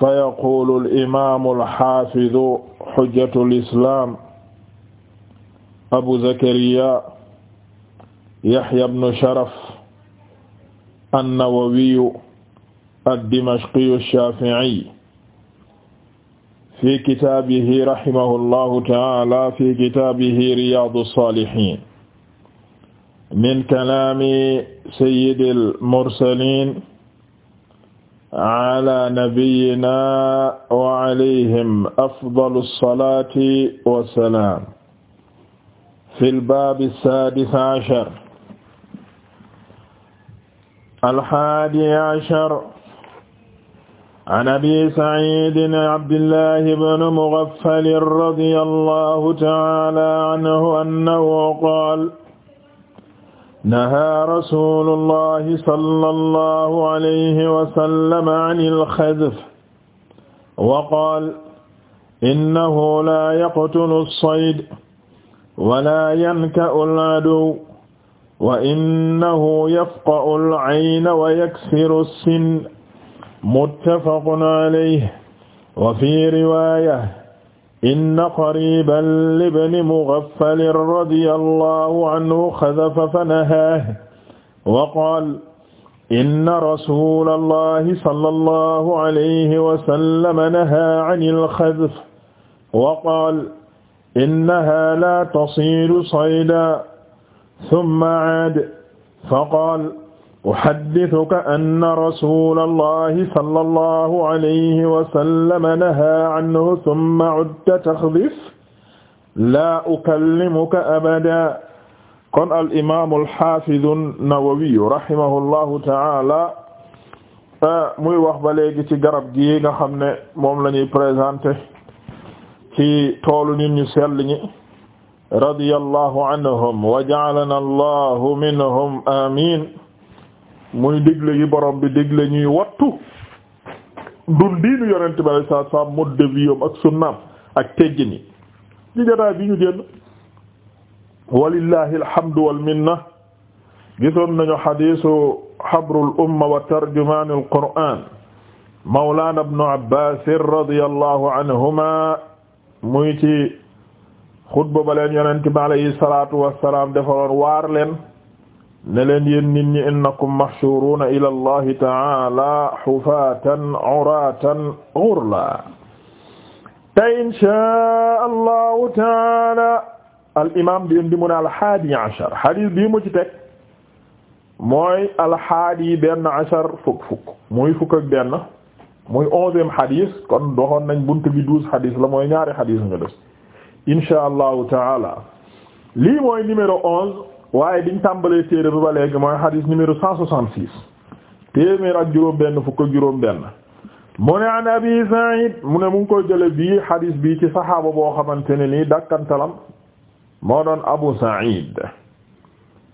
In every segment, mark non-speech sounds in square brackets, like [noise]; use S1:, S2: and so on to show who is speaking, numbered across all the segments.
S1: fa yaqulu al-imaamu al-haafidu hujjatu al-islaam abu zakariya yahya ibnu sharaf an-nawawiyu ad-dimashqiyu ash-shaafi'i fi kitaabihi rahimahullahu ta'aala fi kitaabihi riyaadu as-saalihiin min kalaami sayyidil mursaliin ala nabiyyina wa alayhim afdalu salaati wa salaam. fil baabi saadis ashar. alhaadi ashar. an abi saciidin abdillahi ibn mughaffal radiyallahu ta'aala anhu annahu qaala nahaa rasulullahi sallallahu alayhi wa sallam anil xadf wa qaala innahu laa yaqtulu as-sayd wa laa yanka'u al-aduw wa innahu yafqa'u al-ayna wa yaksiru as-sin muttafaqun alayhi wa fii riwaaya inna qariban libni mugaffalin radiya allahu anhu xadafa fanahaahu wa qaala inna rasuula allahi sallallahu alayhi wa sallam nahaa anil xadf wa qaala innahaa laa tasiilu saydan summa caada fa qaala uhaddithuka anna rasulallahi sallallahu alayhi wa sallam nahaa anhu thumma udta taxdif laa ukallimuka abadan kon al imaam al haafiz an-Nawawi rahimahullahu ta'ala ah, muy wax ba léegi ci garab gi nga xam ne moom la ñuy présenté ci toolu nit ñu sell ñi radiyallahu anhum wa ja'alana allahu minhum amiin muy digle yi borom bi digle ñuy wattu dundiinu yonent bi sallallahu alayhi wasallam mode de vie ak sunnaam ak teggin yi ci jotaay bi walillahi alhamdu wal minna gisoon nañu xadiisu habrul umma wa tarjumaanul qur'aan mawlaana ibnu abbaas radiyallahu anhuma muy ci xutba ba leen yonent bi alayhi salaatu wassalaam defaroon waar leen ne leen yéen nit ñi innakum mahshuruna ila allahi taala xufatan uratan ghurla te inshaa allahu taala al imam bi indi mu ne alhaadi ashar hadis bii mu ci teg mooy alhaadi benn ashar fukk fukk muy fukk ak benn muy onzième hadis kon doxoon nañ bunt bi douze hadis la mooy ñaari hadis ñu des inshaa allahu taala lii mooy numéro onze waaye biñ tàmbalee téere bi ba léegi mooy xadis numéro cent soixante six téeméer ak juróom benn fukk ak juróom benn mu ne an abi Sa'id mu ne mu ngi koy jële bii xadis bi ci saxaaba boo xamante ne nii dakkantalam moo doon Abu Sa'id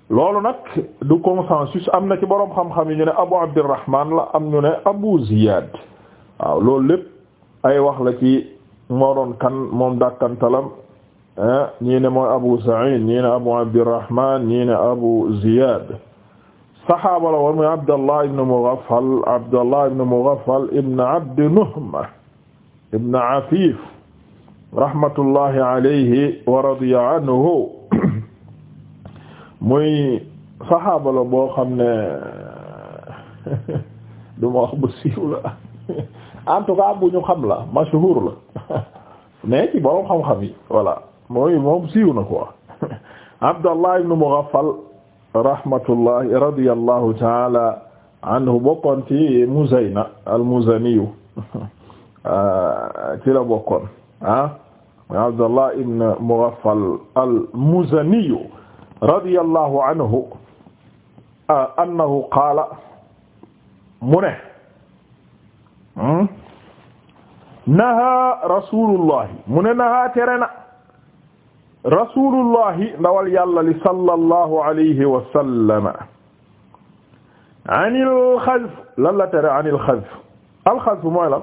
S1: loolu nag du consensus am na ci boroom xam-xam yi ñu ne Abu Abdurrahman la am ñu ne Abu Ziyad waaw loolu lépp ay wax la ci moo doon kan moom dakkantalam Ah ñii ne mooy Abu Sa'id ñii ne Abu Abdirrahman ñii ne Abu Ziyad saxaaba la woon muy Abdallah ibn Mughaffal Abdallah ibn Mughaffal ibn Abd Nuhma ibn Afif rahmatullahi alayhi wa radiya anhu muy saxaaba la boo xam ne [laughs] du ma wax bu siiw la en tout cas bu ñu xam la mashhur la [laughs] mais ci borom xam-xam yi voilà mooy moom siiw na quoi [laughs] Abdallah ibn Mughaffal rahmatullahi radiyallahu ta'ala anhu bokkoon ci Muzayna al-Muzaniyu [laughs] ah, ci la bokkoon ah Abdallah ibn Mughaffal al-Muzaniyu radiyallahu anhu ah, annahu qaala mu ne hmm? naha rasulullahi mu ne naha tere na rasulullahi ndawal yàlla li sallallahu alayhi wa sallama anil xazf lan la tere anil xazf alxazf mooy lan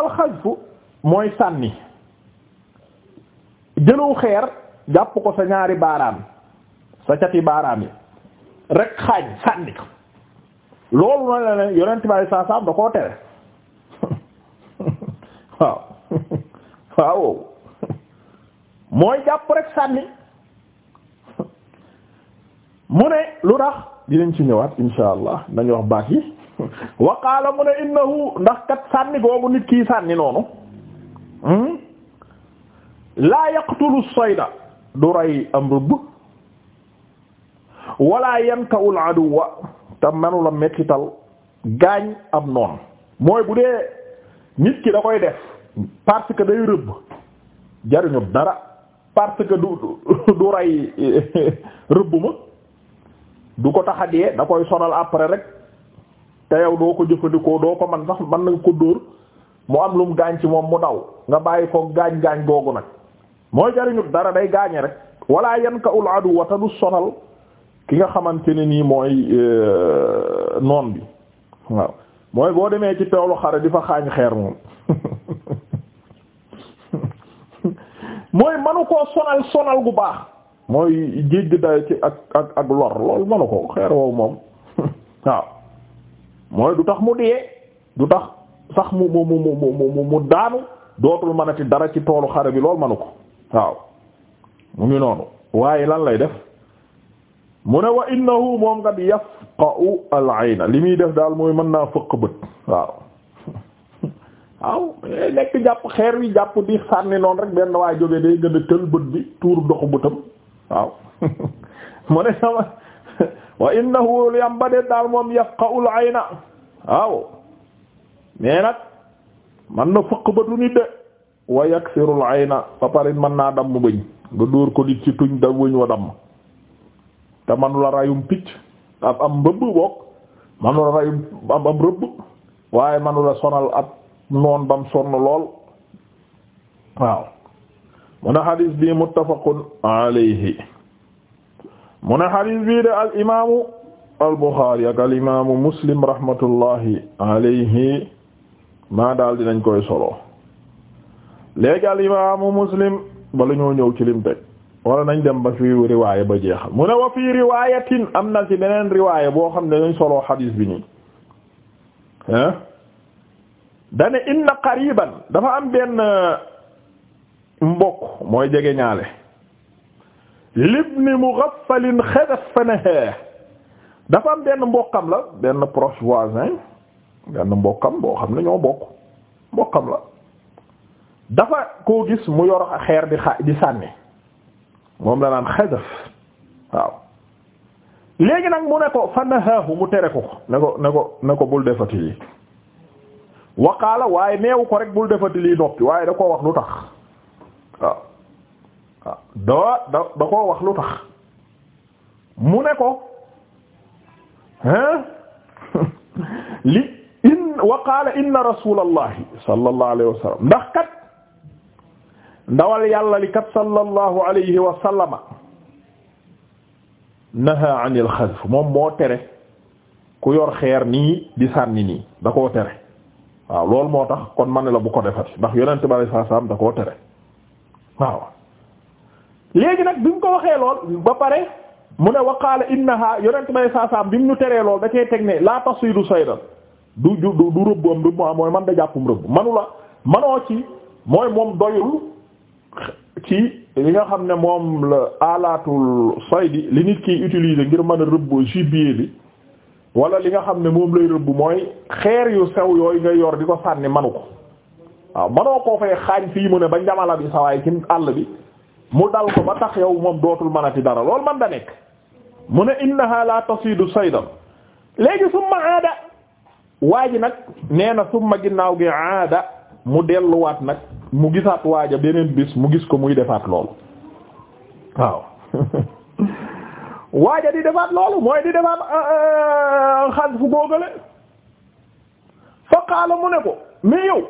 S1: alxazf mooy sànni jëlaw xeer jàpp ko sa ñaari baaraam sa cati baaraam yi rek xaañ sànni ko loolu noonu la ne yonent bi saa saam da koo tere [laughs] waaw [laughs] waaw mooy jàpp rek sànni mu ne lu tax dinañ ci ñëwaat insha allah nañu wax baax yi wa mu ne innahu ndax kat sànni boobu nit kii sànni noonu hmm? laa yaqtulu sayda du rey am rëbb wala yankawu aduwa te manula mettital gaañ am noon mooy bu dee nit ki da koy def parce que day rëbb jariñu dara parce que du du [laughs] rey [laughs] rëbb ma du ko tax a dee da koy sonal après rek te yow doo ko jëfandikoo doo ko man sax mën na ko dóor mu am lu mu gaañ ci moom mu daw nga bàyyi ko gaañ gaañ googu nag mooy jariñu dara day gaañe rek wala yan ka ul adu wata du sonal ki nga xamante ne nii mooy euh, noon bi waaw mooy boo demee ci toolu xare di fa xaañ xeer moom [laughs] mooy manu koo sonal sonal gu baax mooy jégg dayo ci ak ak ak lor loolu manu ko xeer woowu moom [laughs] waaw mooy du tax mu dee du tax sax mu mu mu mu mu daanu dootul mënati dara ci toolu xare bi loolu manu ko waaw mu ngi noonu waaye lan lay def mu ne wa innahu moom nga yafqa'u al ayna li muy def daal mooy mën naa fëq bët waaw waaw nekk jàpp xeer wi jàpp di sànni noonu rek benn waa jóge day gën a tël bët bi tuur doxu bëtam waaw [laughs] mu ne sama wa innahu li am de daal moom yafqa'ul ayna waaw mais nag man na fëq bëtu nit de wa yaksirul na ba pare mën naa damm bëñ nga dóor ko nit ci tuñ da wëñ wa damm te manula rayum picc ab am mbëbb boog manula rayum am am rëbb waaye manula sonal ab noon bam sonn lool waaw mu ne xadis bi muttafaqun alayhi mu ne xadis bi de al imaamu al buxaari ak al imaamu muslim rahmatullahi alayhi maa daal dinañ koy solo léegi al imaamu muslim bala ñoo ñëw ci lim teg wala nañ dem ba fi riwaaya ba jeexal mu ne wa fii riwaayatin am na ci beneen riwaaya boo xam ne dañ solo xadis bi nii ah. dane inna qariban dafa am benn euh, mbokk mooy jege ñaale libni mughaffalin xadafanaha dafa am benn mbokkam la benn proche voisin benn mbokkam boo xam ne ñoo bokk mbokkam la dafa koo gis mu yor a xeer di xa di sànni moom la naan xadaf waaw léegi nag mu ne ko fa nahaahu mu tere ko ne ko ne ko ne ko bul defati yi waqaala waaye neewu ko rek bul defati lii noppi waaye da koo wax lu tax waaw da da da koo wax lu tax mu ne ko hein [laughs] li in waqaala inna rasulallahi sallallahu alayhi wa ndax kat ndawal yàlla li kat sallallahu alayhi wa sallama naha anil moom moo tere ku yor xeer nii di sànni nii da koo tere waaw loolu moo tax kon man la bu ko defati ndax yonent bari saa saam da koo tere waaw léegi nag bi mu ko waxee lool ba pare mu ne waqaala innaha yonent bari saa saam bi mu ñu teree lool da cee teg ne laa tasidu saydan du du du rëbb am rëbb mooy man da jàppum rëbb manu la manoo ci mooy moom doyul ci li nga xam ne moom la alaatul saydi li nit ki utiliser ngir mën a rëbb gibier bi wala li nga xam ne moom lay rëbb mooy xeer yu sew yooyu nga yor di ko sànni manu ko waaw manoo koo fay xaañ fii mu ne ba njamala bi sawaay ci àll bi mu dal ko ba tax yow moom dootul mënati dara loolu man da nekk mu ne innaha la tasidu saydan léegi summa aada waa ji nag nee na summa ginnaaw gi aada mu delluwaat nag mu gisaat waaja beneen bis mu gis ko muy defaat loolu waaw [laughs] waaja di defaat loolu mooy di defaat euh, euh, xas fu góogale fa qaala mu ne ko mais yow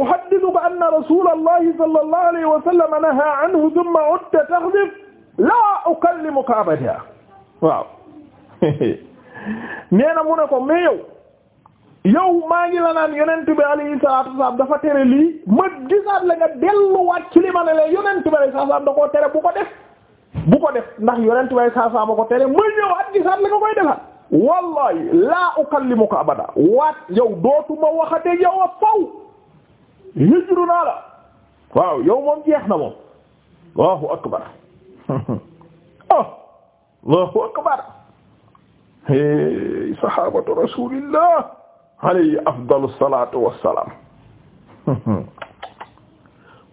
S1: uhaddithuka anna rasulallahi sallallahu alayhi wa sallam nahaa anhu thumma udta tahdhif laa ukallimuka abada waaw [laughs] nee na mu ne ko mais yow yow maa ngi la naan yonent bi alayhi salaatu wasallam dafa tere lii ma la nga delluwaat ci li ma ne la yonent bi alayhi da koo tere bu ko def bu ko def ndax yonent way saa saa ko tere ma ñëwaat gisaat la nga koy defaat wallahi laa ukallimuka abada waat yow dootuma waxate yow a hijru naa la waaw yow moom jeex na moom allahu akbar oh [laughs] allahu akbar hey sahabatu rasulillah alayhi afdalu salatu wassalam [laughs]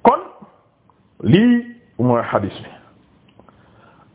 S1: kon lii mooy hadis bi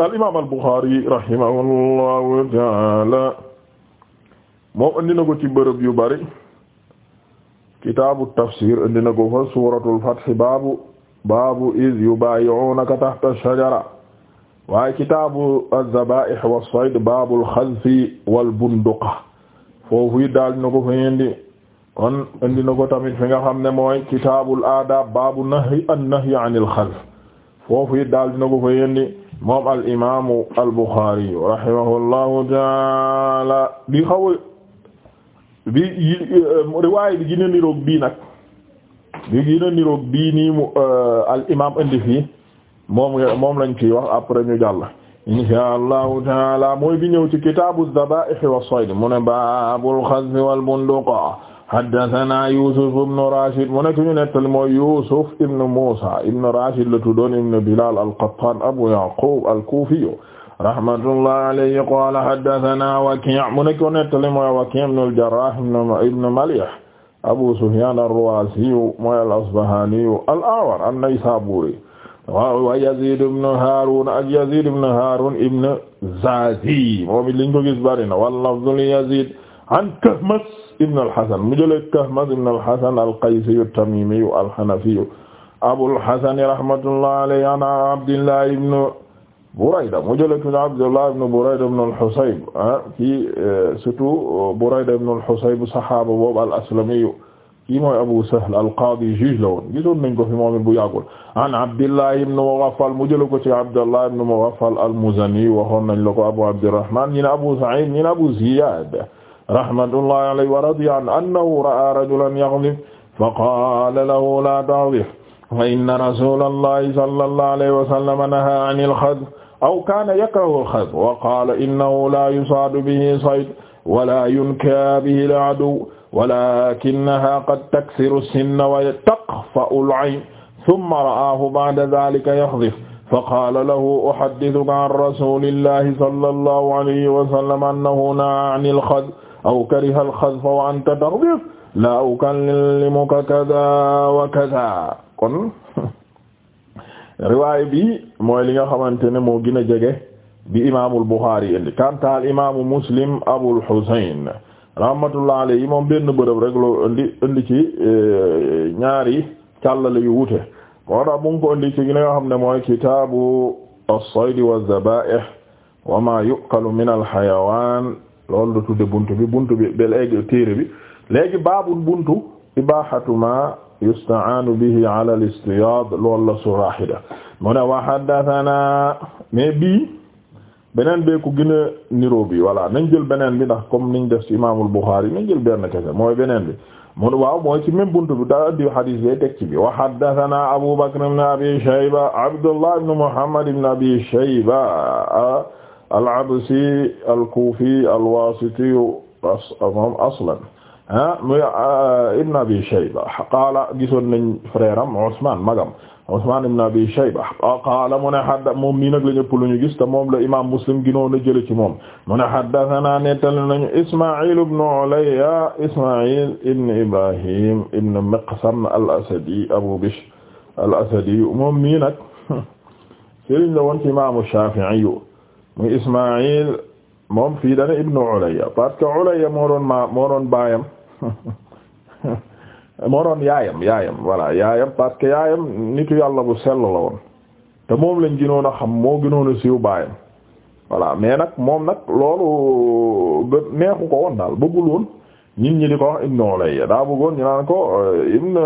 S1: al imaam al Buxaari rahimahullahu taala moom andi na ko ci bërëb yu bari kitaabu tafsir andi na ko fa suuratul fath baabu baabu iz yubaayi'uunaka tahta shajara waaye kitaabu az-zabaa'ih was-sayd baabul xazfi bunduqa foofu daal na ko fa indi kon indi tamit fi nga xam ne mooy kitaabul aadaab baabu nahyi an-nahyi anil xazf daal na ko fa moom al imaamu al Buxaari rahimahullahu taala bi xaw bi eh, riwaay bi gën a niroog bii nag bi gën a niroog bii nii eh, fi moom moom lañ ciy wax après ñu jàll insha allahu taala mooy bi ñëw ci kitaabu dabaa'ih wa sayd mu ne baabul xazfi wal bunduqa haddasanaa Yuusuf ibn Rashid mu nekk ñu nettali mooy Yuusuf ibn Muusaa ibn Rashid la tuddoon ibn Bilaal al-Qattaan Abu Yaquub al-Kuufi rahmatullahi alayhi qaala haddasanaa Wakii' mu nekk ñu nettali mooy Wakii' ibn al-Jarraah ibn Maliih Abu Sufyaan ar-Ruwaasi mooy al-Asbahaani al-A'war an-Naysaabuuri wa Yaziid ibn Haaruun ak Yaziid ibn Haaruun ibn Zaazi moom it liñ ko gis bari na wal lafzu li Yaziid an Kahmas ibn al-Hasan mu jëlee Kahmaz ibn al-Hasan al-Qaysi at-Tamimi al-Hanafi Abul Hasan rahmatullahi alayhi an Abdillah ibn Burayda mu jëlee Abdullah ibn Burayda ibn al-Husayb kii ah, eh, surtout oh, Burayda ibn al-Husayb saxaaba boobu al-Aslami kii mooy Abu Sahl al-Qaadi juge la woon gisoon nañ ko fi moom it bu yàggul an Abdillah ibn Mughaffal mu jëlee ko ci Abdullah ibn Mughaffal al-Muzani waxoon nañ la ko Abu Abdirrahman ñi ne Abu Sa'id ñi ne Abu Ziyad rahmatullahi alayhi wa radiya anhu annahu ra'a rajulan yaghdhif fa qala lahu la taghdhif fa inna rasulallahi sallallahu alayhi wa sallam naha 'anil khadh aw kana yakrahu al-khadh wa qala innahu la yusadu bihi sayd wala yunka bihi al-'aduw walakinaha qad taksiru as-sinna wa taqfa'u al-'ayn thumma ra'ahu ba'da dhalika yaghdhif faqaala lahu uhaddithuka 'an rasulillahi sallallahu alayhi wa sallam annahu naha 'anil khadh aw kariha al-xazfa wa anta targhib la ukallimuka kaza wa bi mooy li nga xamante ne moo gën a jege bi imaamul Buxaari indi kantaal imaamu Muslim Abul Husayn rahmatullah alayhi moom benn bërëb rek loo e, yu wute moo tax mu mooy kitaabu as-sayd wa az min al loolu la tudde buntu bi buntu bi ba léegi téere bi léegi baabul buntu ibaahatu ma yusta'aanu bihi ala al-istiyaad loolu la suraahida mu ne wa haddathanaa mais bii beneen bee ku gën a niroo bi voilà nañ jël beneen bi ndax comme niñ def ci imaamul Buxaari nañ jël benn kese mooy beneen bi mu waaw mooy ci même buntu bi daa addi hadiis bee teg ci bi wa haddathanaa Abu Bakr ibn Abi Shayba Abdullah ibn Muhammad ibn Abi Shayba al-Absi al-Kufi al-Wasiti moom aslan ah muy Ibn Abi Shayba qaala gisoon nañ frère am Ousmane magam Ousmane Ibn Abi Shayba qaala mu ne hadda moom mii nag la ñëpp lu ñu gis te moom la imaam Muslim ginoon a jële ci moom mu ne haddathana nettal nañu Isma'il ibn Ulayya Isma'il ibn Ibrahim ibn Miqsam al-Asadi Abu Bishr al-Asadi moom mii nag [laughs] sëriñ la woon ci imaamu Shafi'i muy Ismaïl moom fii dana ibnu Ulayya parce que Ulayya moo doon ma moo doon baayam [laughs] moo doon yaayam yaayam voilà yaayam parce que yaayam nitu yàlla bu sell la woon te moom lañ gënoon a xam moo gënoon a siiw baayam voilà mais nag moom nag loolu neexu ko woon daal bëggul woon nit ñi di ko wax ibnu daa bëggoon ñu naan ko euh, ibn euh,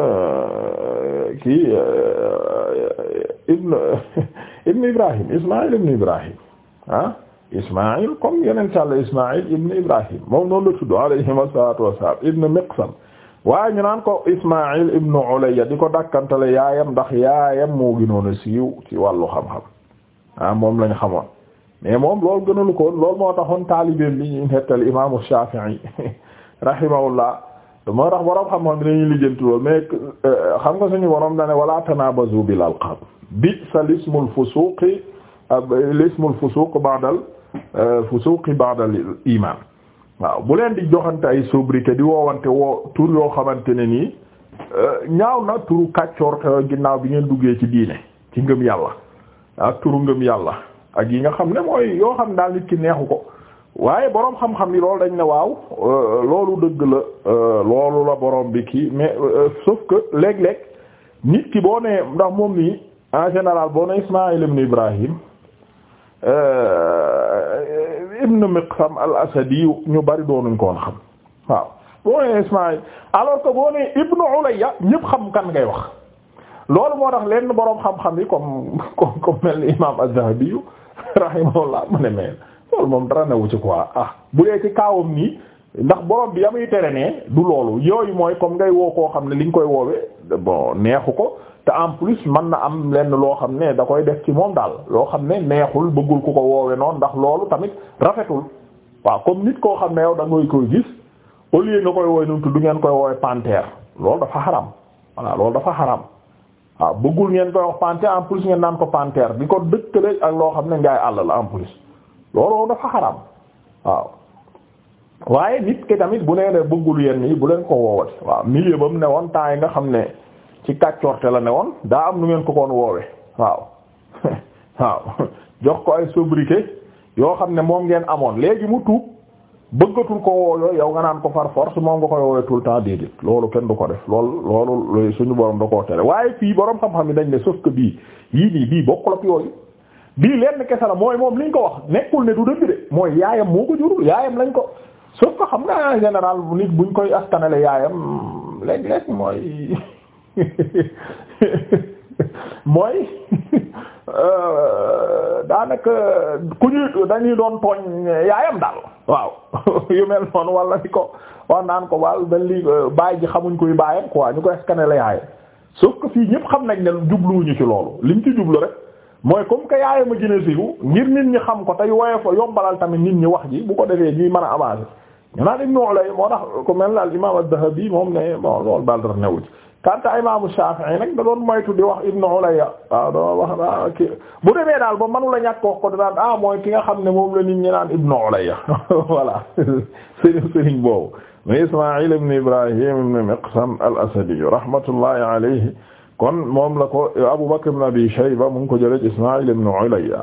S1: kii euh, [laughs] ibn Ibrahim Ismaïl ibn Ibrahim ah Ismaïl comme yonent Yàlla Ismaïl ibn Ibrahim moom noonu la waa alayhim assalatu wassalam ibn Miqsam waaye ñu naan ko Ismaïl ibn Ulayya di ko dakkantale yaayam ndax yaayam moo gënoon a siiw ci wàllu xam-xam ah moom lañ xamoon mais moom loolu gënalu ko loolu moo taxoon taalibeem bi ñuy nettal imaamu Shafi'i [laughs] rahimahullah moo tax borom xam-xam bi dañuy lijjanti loolu mais euh, xam nga suñu borom da ne wala tanabazu bil alqab bi sal ismul fusuqi lismul fusuq ba'dal euh, fusuqi ba'dal iman waaw bu leen di joxante ay sobriquet di woowante woo tur yoo xamante ne nii euh, ñaaw na turu kàccoor euh, ginnaaw bi ngeen duggee ci diine ci ngëm yàlla ak turu ngëm yàlla ak yi nga xam ne mooy yoo xam ne daal nit ki neexu ko waaye boroom xam-xam yi loolu dañ ne waaw loolu dëgg la loolu la boroom bi kii mais sauf que léeg-léeg nit ki boo nee ndax moom nii en général boo nee Ismaïl ibn Ibrahim Euh, ibn Miqsam al-Asadi ñu bari doonuñ ko woon xam waaw boo nee Ismaïl alors que boo nee ibn Ulayya ñëpp xam kan ngay wax loolu moo tax lenn boroom xam-xam yi comme comme comme mel ni imaam Az-Zahabi rahimahullah mu ne mais loolu moom dara newu ci quoi ah bu dee ci kaawam nii. ndax borom bi yamuy tere ne du loolu yooyu mooy comme ngay woo koo xam ne li nga koy woowee bon neexu ko te en plus mën na am lenn loo xam ne da koy def ci moom daal loo xam ne neexul bëggul ku ko woowe noonu ndax loolu tamit rafetul waaw comme nit koo xam ne yow da ngay koy gis au lieu nga koy woowe nuntu du ngeen koy woowe panthère loolu dafa xaram voilà loolu dafa xaram waaw bëggul ngeen koy wax en plus ngeen naan ko panthère di ko dëkk ak loo xam ne ngaay àll la en plus loolu dafa waaw waaye nit ki tamit bu nee bëggul yenn yi bu leen ko woowat waaw milieu ba mu ne woon temps nga xam ne ci kàccoorte la ne woon daa am nu ngeen ko koon woowe waaw [laughs] waaw jox ko ay sobriquet yoo xam ne moom ngeen amoon léegi mu tuub bëggatul ko wooyoo yow nga naan ko par force moom nga koy woowee tout le temps déedéet loolu kenn du ko def loolu loolu suñu borom da koo tere waaye fii borom xam-xam yi dañ ne sauf que bii yii nii bii bokkul ak yooyu bii lenn la mooy moom liñ ko wax nekkul ne du mooy yaayam moo yaayam lañ ko sauf que xam nga en général nit buñ koy askanale yaayam léeg-léeg mooy [laughs] mooy euh, daanaka ku ñuy dañuy doon tooñ yaayam daal waaw [laughs] yu mel noonu wala ni ko wax naan ko wal dañ li euh, baay ji xamuñ koy baayam quoi ñu koy askanale yaayam sauf ko fii ñëpp xam nañ ne jubluwuñu ci loolu liñ ci jublu rek mooy comme que yaayam a gën a siiw ngir nit ñi xam ko tey woyof yombalal tamit nit ñi wax ji bu ko defee ñuy mën a avancer ñanaan Ibnu Ulayya moo tax ku mel ne al imaam ad-Dahabi moom ne bon loolu daal dara newu ci kanta nag da doon moytu di wax Ibnu Ulayya waaw doo wax bu demee daal ba man la ñàkk wax ko daan ah mooy ki nga xam ne moom la nit ñi naan Ibnu Ulayya [laughs] voilà [laughs] sëriñ sëriñ boobu mais Ismaa'il ibn Ibrahim ibn Miqsam al-Asadi rahmatullahi kon moom la ko Abu Bakr ibn Abi Shayba mu ngi ko jëlee Ismaa'il ibn Ulayya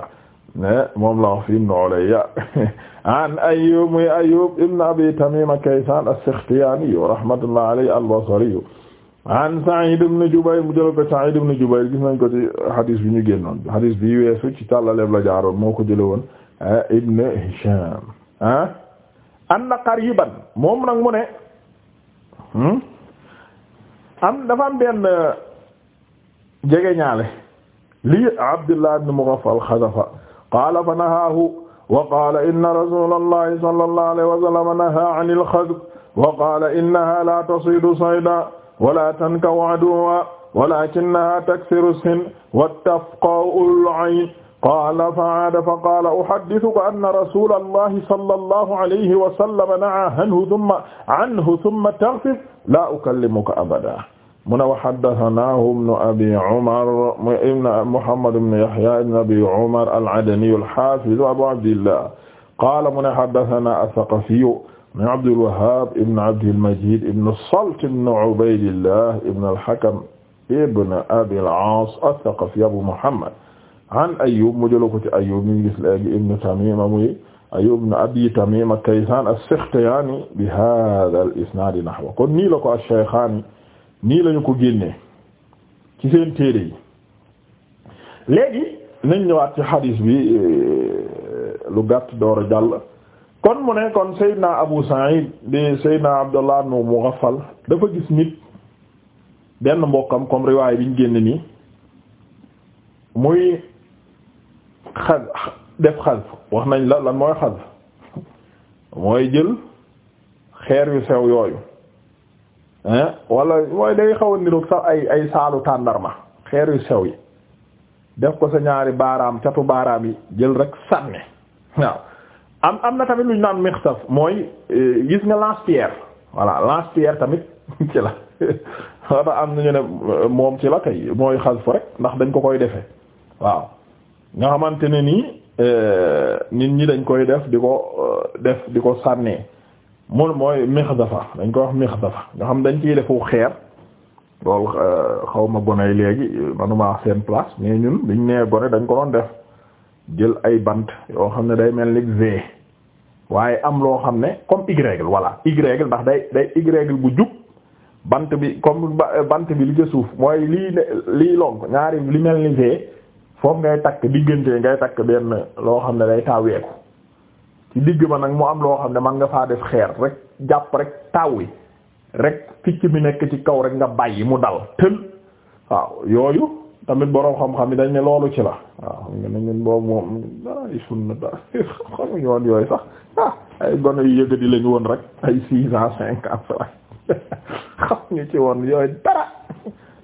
S1: la wax fi Ibnu Ulayya [laughs] an Ayyub muy Ayyub ibn Abi Tamima Kaysan as-Sakhtiyani rahmatullahi alayhi al-Basri an Sa'id ibn Jubayr mu jëloon ko Sa'id ibn Jubayr gis nañ ko ci hadis bi ñu génnoon hadis bi weesu ci tàllaleeb la jaaroon moo ko jëlee woon ah, Ibn Hisham ah anna qariban moom nag mu ne hmm, am dafa am benn jegeñaale li Abdullah ibn Mughaffal xadafa qaala fa nahaahu wa qaala inna rasuulallahi sallallahu alayhi wa sallam nahaa anil xadb wa qaala innahaa laa tasiidu saydan wa laa tankahu aduwwan walaakinnahaa taksiru sin wattafqa'ul ayn qaala fa'aada faqaala uhaddithuka anna rasuulallahi sallallahu alayhi wa sallam nahaa anhu thumma anhu thumma taghfir laa ukallimuka abadan mu ne wa haddathanahu ibnu abi umar muhammad ibnu yahya ibnu abi umar al-adani al-hafiz abu abdillah qaala mu ne haddathana ath-thaqafi min abdul wahhab ibnu abdil majid ibnu salt ibnu ubaydillah ibnu al-hakam ibnu abil aas ath-thaqafi abu muhammad an ayyub mu jëloon ko ci ayyub mi ngi gis léegi ibnu tamima muy ayyub ibnu abi tamima kaysan as-sakhtiyani bi haadha al-isnaad nahwa kon nii la ko ash-shaykhaani nii lañu ko génne ci seen téere yi léegi nañ ñëwaat ci xadiis bi euh, lu gàtt door a jàll kon mu ne kon Seydina Abu Sa'id di Seydina Abdullah ibn Mughaffal dafa gis nit benn mbokkam comme riwaay bi ñu génne nii muy xaz def xaz wax nañ la lan mooy xaz [laughs] mooy jël xeer yu sew yooyu wala mooy day xaw a niroog sax ay ay saalu tàndarma xeer yu sew yi def ko sa ñaari baaraam catu baaraam yi jël rek sànni waaw am am na tamit lu ñu naan mixtaf mooy e, gis nga lance-pierre voilà lance-pierre tamit [laughs] ci la wata am nañu ne moom ci la kay mooy xasfu rek ndax dañ ko koy defee waaw nga xamante ne nii e, nit ñi dañ koy def di ko e, def di ko sànnee mun mooy mixdafa dañ koy wax mixdafa nga xam dañ ciy defu xeer loolu euh, xaw ma goney léegi manuma wax seen place mais ñun biñ nee gone dañ ko doon def jël ay bant yoo xam ne day mel ni V waaye am loo xam ne comme Y voilà Y ndax day day Y bu jub bant bi comme bant bi li ca suuf mooy lii lii lonk ñaari li mel ni V foofu ngay takk diggante ngay takk benn loo xam ne day taaweeku ci digg ba nag mu am loo xam ne man nga faa def xeer rek jàpp rek taaw yi rek picc mi nekk ci kaw rek nga bàyyi mu dal tël waaw yooyu tamit boroom xam-xam yi dañ ne loolu ci la waaw ñu ne ñun boobu moom [laughs] ah, gone yu yëgadi lañu woon rek ay six ans cinq ans rek [laughs] xamuñu ci woon yooyu dara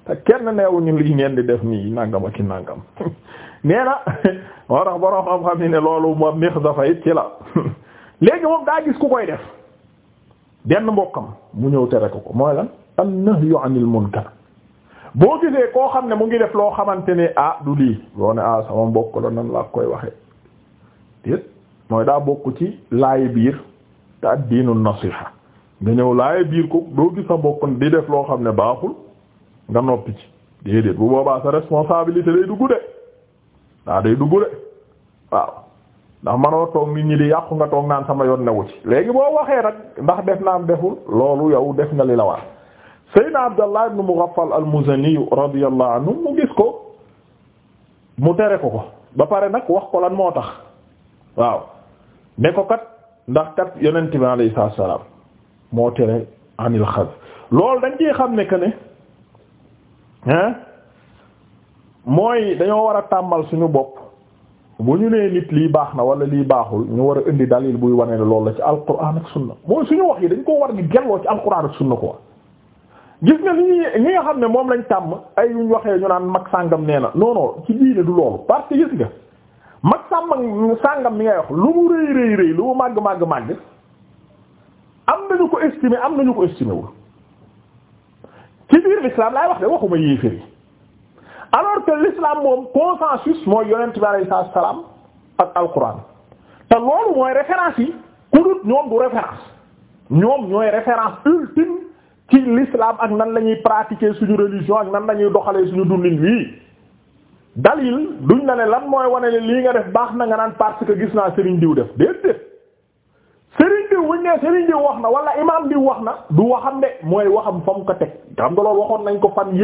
S1: te kenn neewuñu lii ngeen di def nii nàngam ak i [laughs] nee na [laughs] tax borom xam-xam yi ne loolu moom miix dafa it ci la [laughs] léegi moom daa gis ku koy def benn mbokkam mu ñëw tere ko ko mooy lan an nahyu anil munkar boo gisee koo xam ne mu ngi def loo xamante ne ah du lii loo ah sama mbokk la nan laa koy waxee déet mooy daa bokk ci laay biir te ad diinu nasiha nga ñëw laay biir ko doo gis sa mbokk di def loo xam ne baaxul nga noppi ci déedéet bu boobaa sa responsabilité lay dugg de daa day dugg de waaw ndax manoo toog nit ñi di yàqu nga toog naan sama yoon newu ci léegi boo waxee nag ndax def naam deful loolu yow def nga li la war Seydina Abdallah ibn Mughaffal al-Muzani radiyallahu anhu mu gis ko mu tere ko ko ba pare nag wax ko lan moo tax waaw ne ko kat ndax kat yonent bi alayhi salaam moo tere anil xas loolu dañ ci xam ne que hein mooy dañoo war a tàmmal suñu bopp bu ñu nee nit lii baax na wala lii baaxul ñu war a indi dalil buy wanee ne loolu la ci alquran ak sunna mooy suñu wax yi dañ koo war di gelloo ci alquran ak sunna quoi gis nga li ñi nga xam ne moom lañ tàmm ay ñu waxee ñu naan mag sàngam nee na non non ci diine du loolu parce que gis nga mag sàmm sàngam mi ngay wax lu mu rëy rëy rëy lu mu màgg màgg màgg am nañu ko estimé am nañu ko estimé wul ci biir wax de waxuma yéefér yi alors que l'islam moom consensus mooy yonent bi alayhi salaam ak alquran te loolu mooy référence yi ku ñoom du référence ñoom ñooy référence ultime ci l'islam ak nan la ñuy pratiquer suñu religion ak nan la ñuy doxalee suñu dundin wii dalil duñ la ne lan mooy wane ne lii nga def baax na nga naan parce que gis naa Serigne diw def déedéet Serigne diw buñ ne Serigne diw wax na wala imam diw wax na du waxam ne mooy waxam fa mu ko teg xam nga loolu waxoon nañ ko fan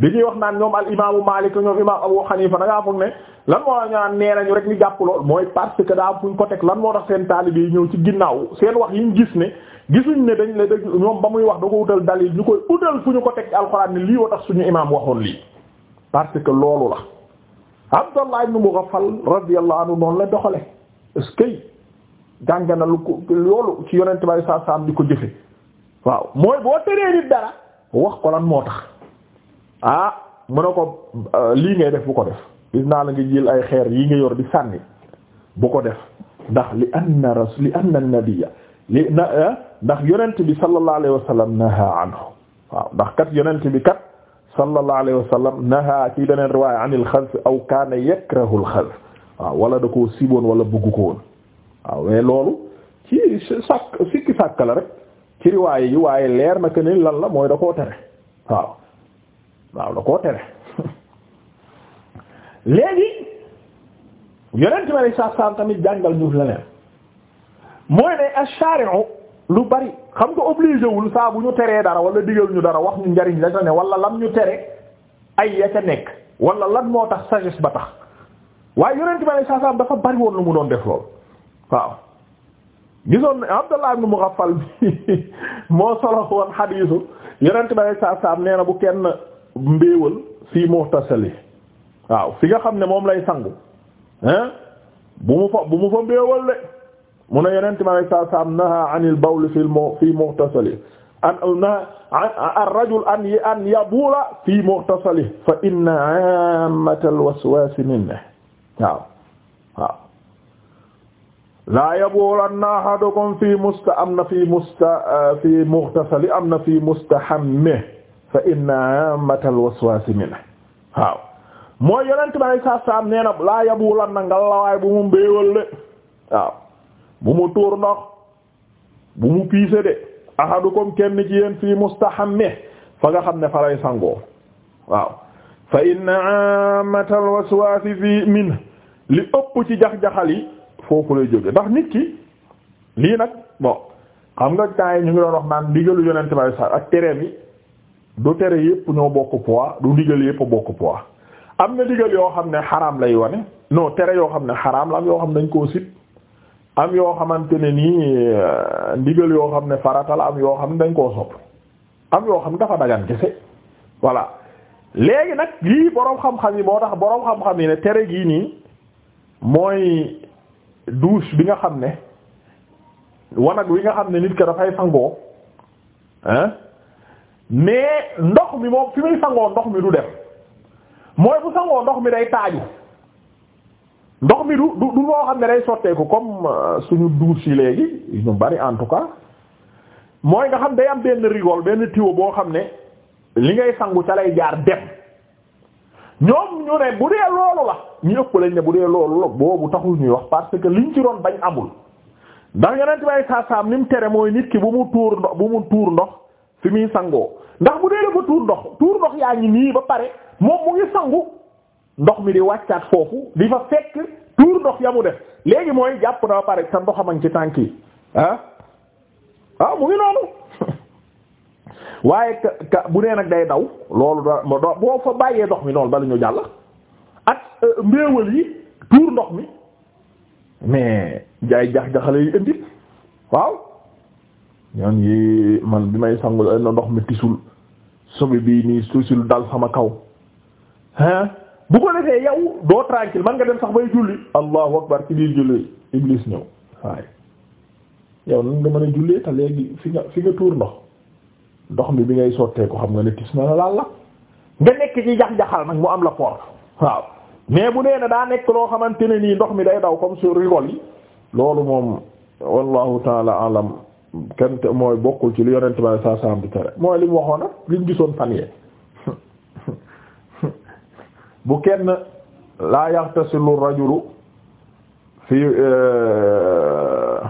S1: bi ñuy wax naan ñoom al imaamu Maalik ñoom imaam Abu Hanifa da foog ne lan moo la ñu naan nee nañu rek ñu jàpp lool mooy parce que daa fuñ ko teg lan moo tax seen taalibe yi ñëw ci ginnaaw seen wax yi ñu gis ne gisuñ ne dañu la dégg ñoom ba muy wax da ko utal dalil ñu koy utal fu ñu ko teg ci alxuraan ne lii wa tax suñu imaam waxoon lii parce que loolu la. Abdallah ibn Mughaffal radiyallahu anhu noonu la doxale est-ce que jàng na lu ko loolu ci yonent bi sallallahu alayhi ko jëfe waaw mooy boo teree nit wax ko lan moo tax. ah mu ne ko euh, lii ngay def bu ko def gis naa la nga jël ay xeer yi nga yor di sànni bu ko def ndax li anna rasul li anna nabiyya li na eh, ndax yonent bi sallallahu alayhi wa sallam naha anhu waaw bi kat sallallahu alayhi wa sallam naha ci beneen riwaaya anil fi aw kaana yakrahu al xalf waaw wala da koo siboon wala bëggu ko woon waaw mais loolu ci sàkk sikki sàkk la rek ci riwaaya yi waaye leer na que lan la mooy da koo tere waaw waaw da koo tere léegi yonent ma ne saasaan tamit jàngal ñu leneen mooy ne ash-shari'u lu bari xam nga obligé wul saa bu ñu teree dara wala digal ñu dara wax ñu njariñ la ca ne wala lam ñu tere ay ya ca nekk wala lan moo tax sagesse ba tax waaye yonent ma ne saasaan dafa bari woon lu mu doon def lool waaw gisoon ne Abdullah ibn Mughaffal [laughs] moo solo woon xadiisu yonent ba ne saasaan nee na bu kenn mbéewal fii muxtasali waaw fi nga xam ne moom lay sangu hein bu mu fa bu mu fa mbéewal de mu ne yeneen time alay saa saam naha anil bawl fii mu fii muxtasali an naha ar rajul an yi an yabula fii muxtasali fa inna ammatal waswasi minne waaw waaw laa yabulanna ahadukum fii musta am na fii musta fii muxtasali am na fii mustahamme fa inna matal waswaasi minhu waaw mooy yonent bi saa saam nee laa yabulan na nga bu mu mbéewal de waaw bu mu tuur ndox bu mu piise de ahadukum kenn ci yéen fii mustahammi fa nga xam ne fa lay sangoo waaw fa inna matal waswaasi fii minhu li ëpp ci jax-jaxal yi foofu lay jóge ndax nit ki lii nag bon xam nga temps yi ñu ngi doon wax naan ndigalu yonent bi saa ak tereem yi du tere yépp ñoo bokk poids du digal yépp bokk poids am na digal yoo xam ne xaraam lay wane non tere yoo xam ne xaram la am yoo xam ne dañ koo sib am yoo xamante ne nii euh, ndigal yoo xam ne farata la am yoo xam ne dañ koo sopp am yoo xam ne dafa dagan kese voilà léegi nag lii boroom xam-xam yi moo tax boroom xam-xam yi ne tere gii nii mooy douche bi nga xam ne wanag wi nga xam ne nit ko dafay sangoo hein mais ndox mi moom fi muy sangoo ndox mi du dem mooy bu sangoo ndox mi day taaju ndox mi du du du loo xam ne day sotteeku comme euh, suñu duur si léegi ñu bari en tout cas mooy nga xam day am benn rigole benn tiw boo xam ne li ngay sangu ca lay jaar dem ñoom ñu ne bu dee loolu la ñu ëpp lañ ne bu dee loolu la boobu taxul ñuy wax parce que liñ ci doon bañ amul ndax yeneen bay saasaam ni mu tere mooy nit ki bu mu tuur ndox bu mu tuur ndox fi muy sangoo ndax bu dee dafa tuur ndox tuur ndox yaa ngi nii ba pare moom mu ngi sangu ndox mi di wàccaat foofu di fa fekk tuur ndox ya mu def léegi mooy jàpp na ba pare sa ndoxamang ci tànk yi ah, ah mu ngi noonu [laughs] waaye ka bu nee nag day daw loolu da boo fa bàyyee ndox mi noonu bala ñu jàll ak euh, mbéewal yi tuur ndox mi mais jaay jax jaxale yi indi waaw ñoon yi man bi may sangu na ndox mi tisul sobi bii nii tisul dal sama kaw hein bu ko defee yow doo tranquille man nga dem sax bay julli allahu akbar ci biir julli iblis ñëw waaye yow nan nga mën a jullee te léegi fi nga fi nga tuur ndox ndox mi bi ngay sottee ko xam nga ne tis na la laal la nga nekk ci jax-jaxal nag mu am la port waaw mais bu nee na daa nekk loo xamante ne nii ndox mi day daw comme sur rigol yi loolu moom wallahu taala alam kenn mooy bokkul ci li yonent baay saa saa bi tere mooy li mu waxoon nag li mu gisoon fan yee [laughs] bu kenn laa yaxtasilu rajulu fi eh,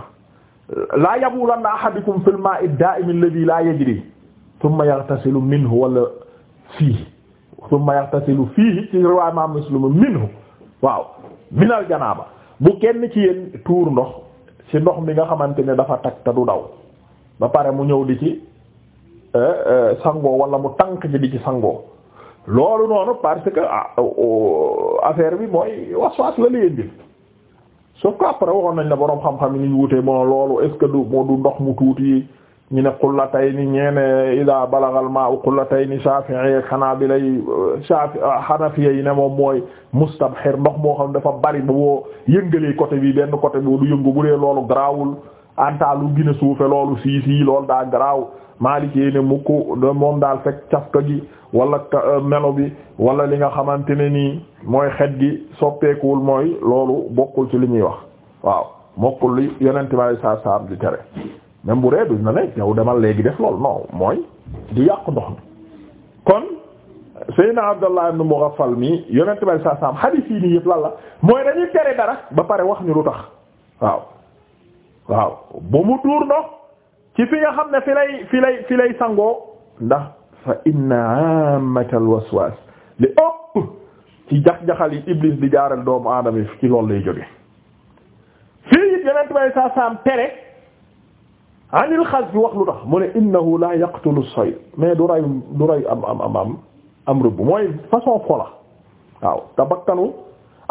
S1: laa yabulanna ahadikum fil maa'i daa'imi alladhi laa yajri thumma yaxtasilu minhu wala fiihi thumma yaxtasilu fiihi ci riwaaya Muslim minhu waaw minal janaaba bu kenn ci yéen tuur ndox ci ndox mi nga xamante ne dafa tag te du daw ba pare mu ñëw di ci eh, eh, sangoo wala mu tànk ji di ci sangoo loolu noonu parce que ah, oh, oh, affaire bi mooy waswas la li indi sauf que après waxoon nañ la boroom xam-xam yi ñu wutee bon loolu est du moo du ndox mu tuuti ñu ne ni ñeene ida balagal ma u qullatayni shafi'i ak hanabila shafi hanafiya yi ne moom mooy mustabhir ndox moo xam dafa bari ba boo yëngalee côté bi benn côté bi du yëngu bu dee loolu garaawul anta lu gën a suufe loolu sii sii loolu daa garaaw maaliki ne mukk moom daal fekk cafka gi walla euh, melo bi wala li nga xamante ne nii mooy xet gi soppeekuwul mooy loolu bokkul ci li ñuy wax waaw mokkul li yonente bi alai saatu di tere même bu ree duñ na ne yow demal léegi def lool non mooy di yàq ndox mi kon Seydina Abdallah ibn Mughaffal mi yonent bay saa saam xadiis yëpp lan la mooy dañuy tere dara ba pare wax ñu lu tax waaw waaw bu mu tuur ndox ci fi nga xam ne fi lay fi lay sangoo ndax fa inna ammatal waswas li ëpp ci jax-jaxal yi Iblis di jaaral doomu aadama yi ci loolu lay jóge fii it yonent bay tere anil xas bi wax lu tax mu ne innahu la yaqtulu sayd mais du ray du ray am am am am am rëbb mooy façon fola waaw te bakkanu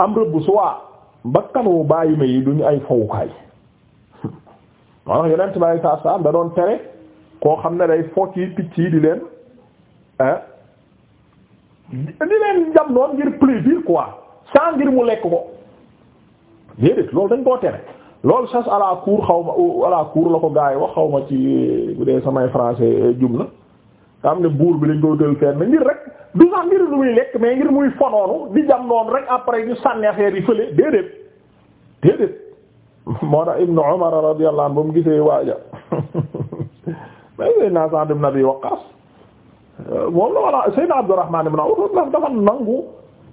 S1: am rëbb soit bakkanu bàyyi ma yi duñu ay fowukaay [laughs] maanaam yonent bi saa saa da doon tere koo xam ne day focc yi picc yi di leen di leen jam noon ngir plaisir quoi sans ngir mu lekk ko déedéet loolu dañ koo tere loolu chasse à la cour xaw ma à la la ko gars yi wax xaw ma ci eh, bu dee samay français eh, jum na nga xam ne buur bi lañ koy tël fenn ngir rek du sax ngir lu muy lekk mais ngir muy fonoonu di jam noonu rek après ñu sànni affaire yi fële déedéet déedéet moo tax Ibnu Umar radiyallahu anhu ba mu gisee waaja mais [laughs] Seydina Sa'd ibn Abi Waqqas euh, moom la walla Seydina Abdurrahman ibn Awf dafa nangu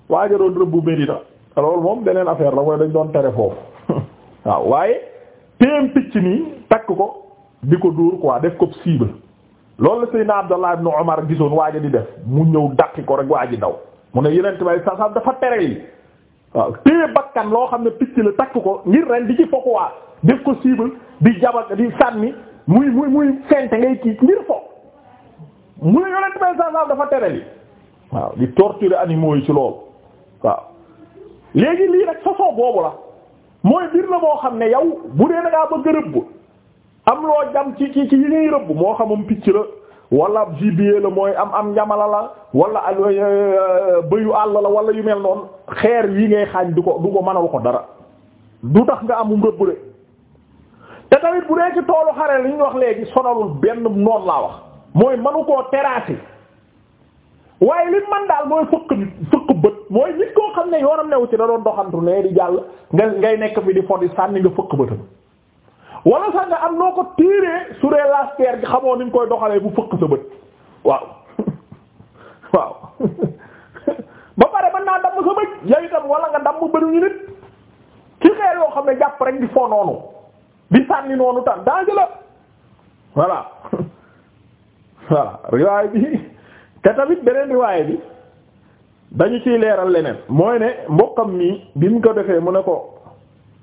S1: waaja doon rëbbu Medina loolu moom beneen affaire la mooy dañ doon tere waaw waaye téem picc nii takk ko di ko dóor quoi def ko cible loolu la Seydina Abdallah ibn Umar gisoon waa ji di def mu ñëw daqi ko rek waa ji ndaw mu ne yeneen bay sa dafa tere yi waaw téye bakkan loo xam ne picc la takk ko ngir ren di ci foofu waa def ko cible di jabal di sànni muy muy muy fente ngay kii ngir foofu mu ne bay sa dafa tere yi waaw di torturer animaux yi ci loolu waaw léegi lii rek sosoo boobu la. mooy mbir la moo xam ne yow bu dee da ngaa bëgg rëbb am loo jam ci ci ci yi ngay rëbb moo xamum picc la wala gibier la mooy am am njamala la wala bëyu àll la wala yu mel noonu xeer yi ngay xaañ du ko du ko mën ko dara du tax nga amum rëbb de te tamit bu dee ci toolu xare li ñu wax léegi sonalul benn noon laa wax mooy manu koo terrasser waaye li man daal mooy fëkk nit fëkk bët mooy nit koo xam ne yoonam newu ci da doxantu ne di jàll nga ngay nekk fi di foddi sànni nga fëkk bëtam wala sax nga am noo ko tiiree suree lasteer gi xamoo ni koy doxalee bu fëkk sa bët waaw [laughs] waaw [laughs] ba pare mën naa damm sa bëj yow itam wala nga damm bënu nit ci xeer yoo xam ne jàpp rek di fo di sànni noonu tam danger la voilà [laughs] voilà riwaay te tamit beneen riwaay bi dañu ciy leeral leneen mooy ne mbokkam mi bi mu ko defee mu ne ko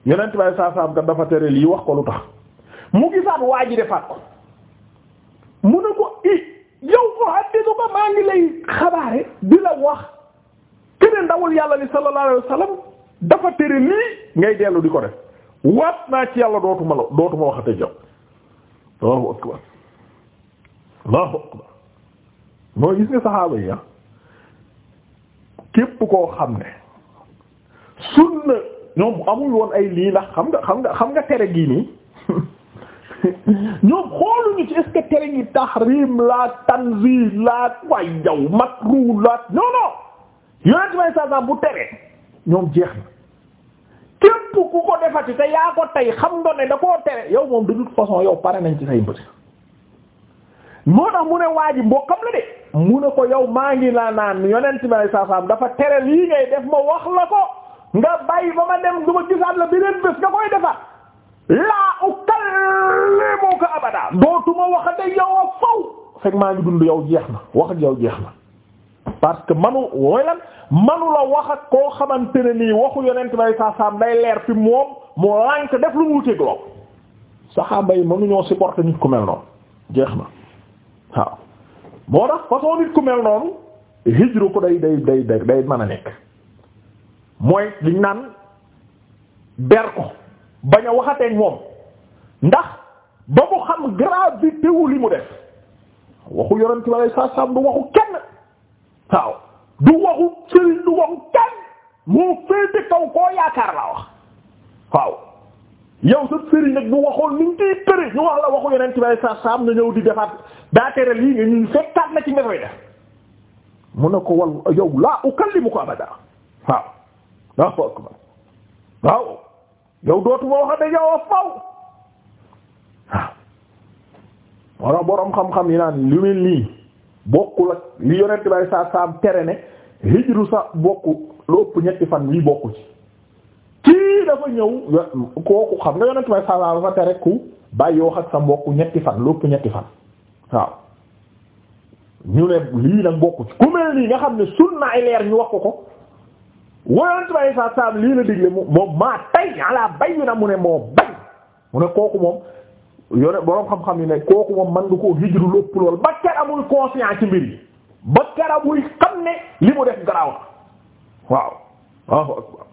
S1: yonent bay saasaam kat dafa tere lii wax ko lu tax mu gisaat waa ji defaat ko mu ne ko i yow ko haddisu ba maa ngi lay xabaare di wax keneen ndawul yàlla li sallallahu alayhi wasallam dafa tere lii ngay dellu di ko def waat naa ci yàlla dootuma la dootuma waxate jow Allahu akbar moo gis ne saxaaba yi ah. képp koo xam ne sunna ñoom amul woon ay lii ndax xam nga xam nga xam nga tere gii nii [laughs] ñoom xooluñu ci est-ce que tere gi tahrim la tanzih la way jaw makru la non non yonent may sasa bu tere ñoom jeex na képp ku ko defati te yaa ko tey xam nga ne da tere yow moom de toute façon yow pare nañ ci say mbëti moo tax mu ne waa ji mbokkam la de mu ne ko yow maa ngi naa naan yonent bi sallallahu alayhi dafa tere lii ngay def ma wax la ko nga bàyyi ba ma dem du ma gisaat la beneen bés nga koy defar laa ukallimuka abada dootuma waxate yow a faw fekk maa ngi dund yow jeex na wax ak yow jeex na parce que manu mooy lan manu wax ak koo xamante ne nii waxu yonent bi sallallahu alayhi wasallam leer fi moom mu lànk def lu mu wuteeg lool saxaaba yi mënuñoo supporter nit ku mel waaw moo tax façon nit ku mel noonu hijru ko day day day day day a nekk mooy liñ naan ber ko bañ a waxateeg moom ndax ba mu xam gravité wu li mu def waxu yorante ma lay saa saam du waxu kenn waaw du waxu sëriñ du waxu kenn moo féete kaw koo yaakaar laa wax waaw yow sa sëriñ nag ñu waxoon niñ ciy tëre ñu wax la waxu yeneen ci bay sa saam nga ñëw di defaat daa tere lii nga ñuy fekkaat na ci nga koy def mu ne ko wal yow laa ukallimuka abada waaw waaw fokk ba waaw yow dootuma wax de yow a faw waaw walla boroom xam-xam yi naan lu mel nii bokkul ak li yonent bay sa saam tere ne hijru sa bokku lu ëpp ñetti fan lii bokku ci kii dafa ñëw kooku xam nga yonent may sala dafa tere ku bàyyi wax ak sa mbokk ñetti fan lépp ñetti fan waaw ñu ne lii nag bokku ci ku mel nii nga xam ne sunnaay leer ñu wax ko ko woyonent may sa salam lii la digle moom maa tay ala na mu ne moo bay mu ne kooku moom yone boroom xam-xam yi ne kooku moom man nga koo hijru lépp lool ba ker amul conscience ci mbir yi ba ker amul xam ne li mu def garaaw waaw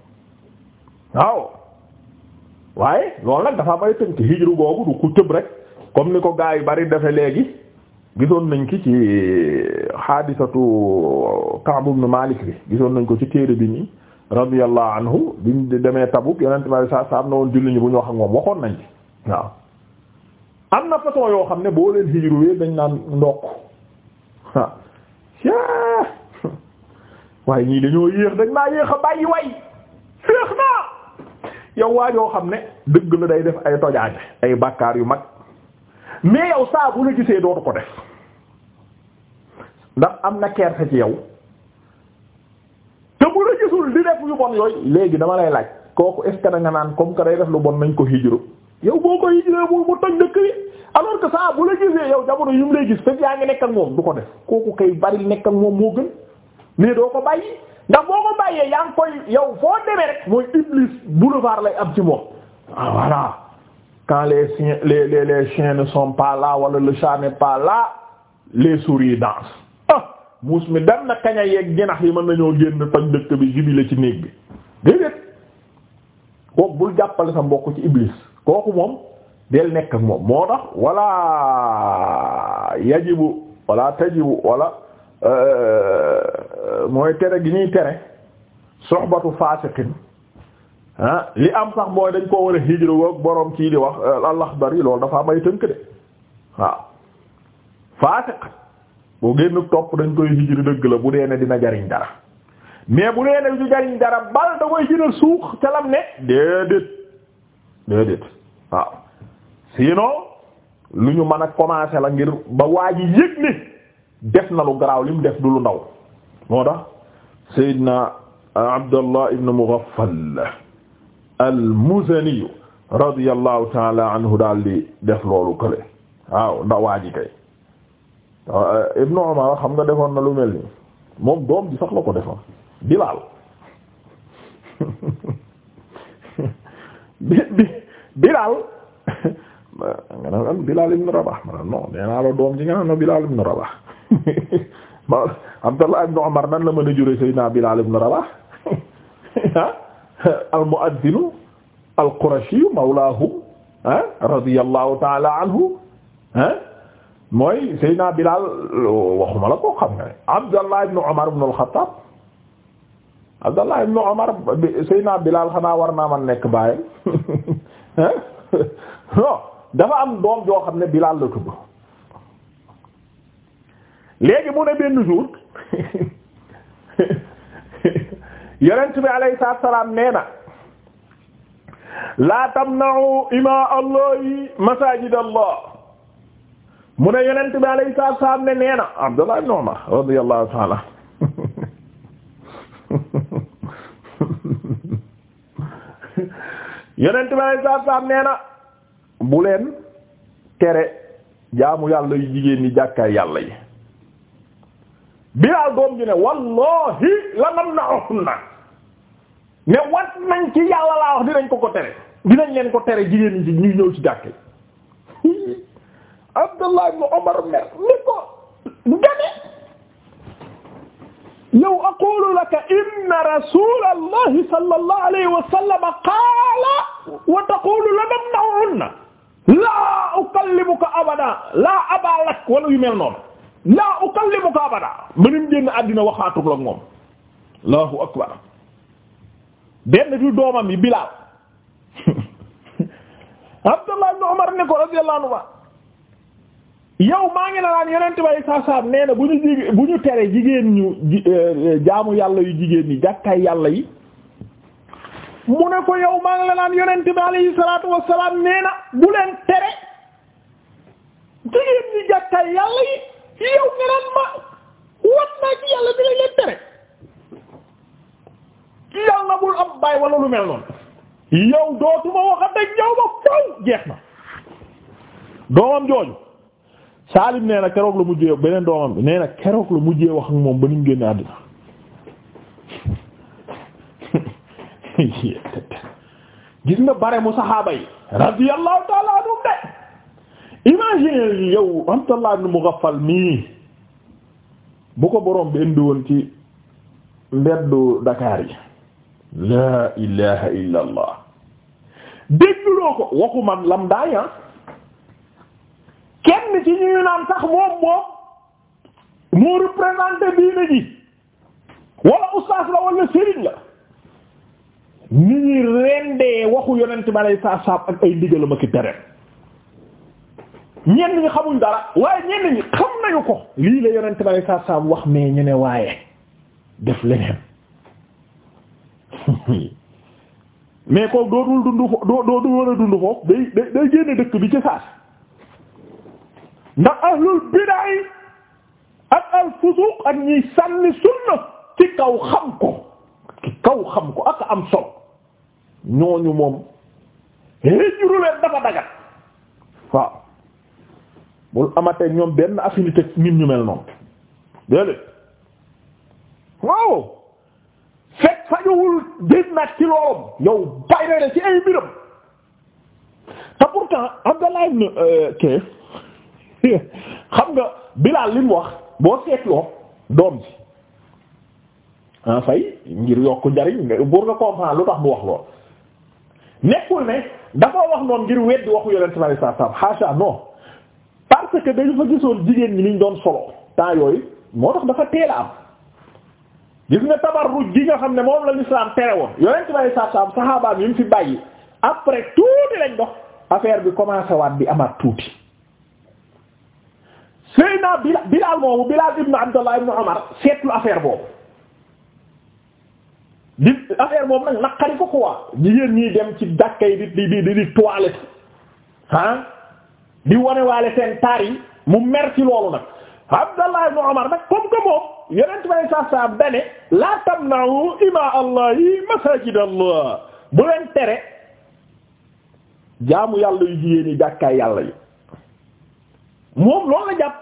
S1: waaw waaye loolu nag dafa may tënk hijru googu du ku tëb rek comme ni ko gaa yi bari defe léegi gisoon nañ ki ci xaadisatu Ka'b ibn Malik bi gisoon nañ ko ci téere bi nii radiyallahu anhu biñ demee Tabuk yonent bi saa saa am na woon julli ñi bu ñu wax ak moom waxoon nañ ci waaw am na façon yoo xam ne boo leen hijruwee dañ naa ndokk [laughs] waaye ñii dañoo yéex dañ naa yéex a bàyyi way yéex na yow waajoo xam ne dëgg la day def ay tojaange ay bàkkaar yu mag mais yow saa bu la gisee dootu ko def ndax am na kersa ci yow te bu la gisul di def yu bon yooyu léegi dama lay laaj kooku est-ce naan comme que day def lu bon nañ ko hijru yow boo ko hijree mu mu toj dëkk bi que saa bu la gisee yow jamono yu mu lay gis fekk yaa ngi nekk ak moom du ko def kooku kay bari nekk ak moom moo gën mais doo ko bàyyi ndax boo ko bàyyee yaa ngi koy yow foo demee rek mooy iblis boulevard lay am ci moom ah voilà quand les chiens les les les chiens ne sont pas là wala le chat n'est les souris dansent ah muus mi dem na kaña yeeg jinax yi mën nañoo génn toj dëkk bi jubile ci néeg bi déedéet kooku bul jàppale sa mbokk ci iblis kooku moom del nekk ak moom moo tax wala yajibu wala tajibu wala Euh, euh, mooy tere gi ñuy tere soxbatu faasiqin ah li am sax mooy dañ koo war a hijra woog boroom kii di wax euh, al-Laxdari loolu dafa am tënk de waaw faasiq boo génn topp dañ koy hijra dëgg la bu dee ne dina jariñ dara mais bu nee ne du jariñ dara bal da koy suux ca lam ne déedéet déedéet waaw sinon lu ñu mën a commencer la ngir ba waa ji yëg ni def na lu garaaw li mu def du lu ndaw moo tax Seydina Abdallah ibn Mughaffal al-Muzani radiyallahu ta'ala anhu daal di def loolu kële waaw ndawaa kay euh, Ibn Umar xam nga defoon na lu mel nii moom doom ji sax la ko defoon Bilaal [laughs] bi bi Bilaal [laughs] nga ne Bilaal ibn Rabah ma non la doom ji nga ne Bilaal ibn Rabah [laughs] ma Abdallah ibn Umar nan la mën a jure Seydina Bilal ibn Rabah [laughs] ah? al mu'addinu al qurashi mawlaahu radiyallahu ta'ala anhu ah? mooy Seydina Bilal waxuma la ko xam nga ne Abdallah ibn Umar ibn al-Khattab Abdallah ibn Umar Seydina Bilal xanaa war naa man nekk baay [laughs] ah? non dafa am doom joo xam ne Bilal la tudd léegi mu ne benn jour [laughs] yonent bi alayhi salaam nee na laa tamna'u ima allahi masajid mu ne yonent bi alayhi salaam ne nee na Abdullah ibn ta'ala [laughs] yonent bi alayhi salaam nee na tere jaamu yàlla yu jigéen ñi jàkkaay yi Bilaal doom ji ne wallahi lanamna'uhunna ne wat nañ ci laa dinañ ko ko tere dinañ leen ko tere jigéen ñi ci ñuy [laughs] Abdullah ibn Umar mer ni ko gane yow aqulu laka inna rasulallahi sallallahu alayhi wa sallam qaala wa taqulu lanamna'uhunna laa ukallimuka abada laa abaa lak wala yu mel noonu laa ukallimuka abada mënim génn àddina waxaatul ak moom allahu akbar benn du doomam yi Bilaal [laughs] Abdullah ibn Umar ne ko radiyallahu anhu yow maa ngi naan yonent bay saasaam nee bu ñu jig bu ñu tere jigéen ñu eh, eh, jaamu yàlla yu jigéen ñi jàkkaay yàlla yi mu ne ko yow maa ngi la naan yonent bi alayhi salaatu wassalaam nee bu leen tere jigéen ñi jàkkaay yàlla yi yow nga naan ma wat naa ci yàlla dinañ leen tere yàlla bul am bàyyi wala lu mel noonu yow dootuma waxat ak yow ma faw jeex na doomam jooju Saalim nee keroog la mujjee beneen doomam bi nee na keroog la mujjee wax ak moom ba ni génne àddina [laughs] gis nga bare mu saxaaba yi radiyallahu ta'ala anhum de imagine yow Abdallah ibn Mughaffal mii bu ko borom bi indi woon ci mbeddu Dakar yi laa ilaha illa allah ko waxu man lam daaya ah. kenn ci ñuy naan sax moom moom moo représenté diine ji wala ustaas la wala sëriñ la ni ñuy rendee waxu yonent bi alay ak ay ndigalama ki tereem ñenn ñi xamuñ dara waaye ñenn ñi xam nañu ko lii la yonent bi alayhi salaam wax mais ñu ne waaye def leneen [laughs] mais kooku dootul dund fo doo dootul war a dund foofu day day génne dëkk bi ci saas ndax ahlul bidaay ak al fusuq ak ñiy sànni sunna ci kaw xam ko ci kaw xam ko ak am solo ñooñu moom hijru dafa dagat waaw bul amatee ñoom benn affinité nit ñu mel noonu déedéet waaw fekk fajuwul gis nag ci loolom yow bàyyi na ci ay mbiram te pourtant Abdallah ibn euh, Kayf [laughs] xam nga Bilaal lim wax boo seetloo doom ji en ah, fay ngir yokk njariñ pour nga comprendre lu tax mu wax lool nekkul ne dafa wax noonu ngir weddi waxu Yonent sallallahu alayhi wasallam xaasa non. parce que dañu fa gisoon jigéen ñi niñ doon solo temps yooyu moo tax dafa teel a am gis nga tabarruj gi nga xam ne moom la l'islam tere woon yonent bi alayhi salaam saxaabaam yi mu fi bàyyi après tuuti lañ dox affaire bi commencé waat bi amaat tuuti Seydina Bilal Bilal moomu Bilal ibnu Abdallah ibnu Umar seetlu affaire boobu di affaire boobu nag naqari ko quoi jigéen ñi dem ci dàkkay di di di di toilette ah di wanewaale seen taar yi mu mer ci loolu nag Abdallah ibn Umar nag comme que moom yonent bay sa sa dane la tamna'u ima allahi masajid allah bu leen tere jaamu yàlla yu jigéen yi jàkkaay yàlla yi moom loolu la jàpp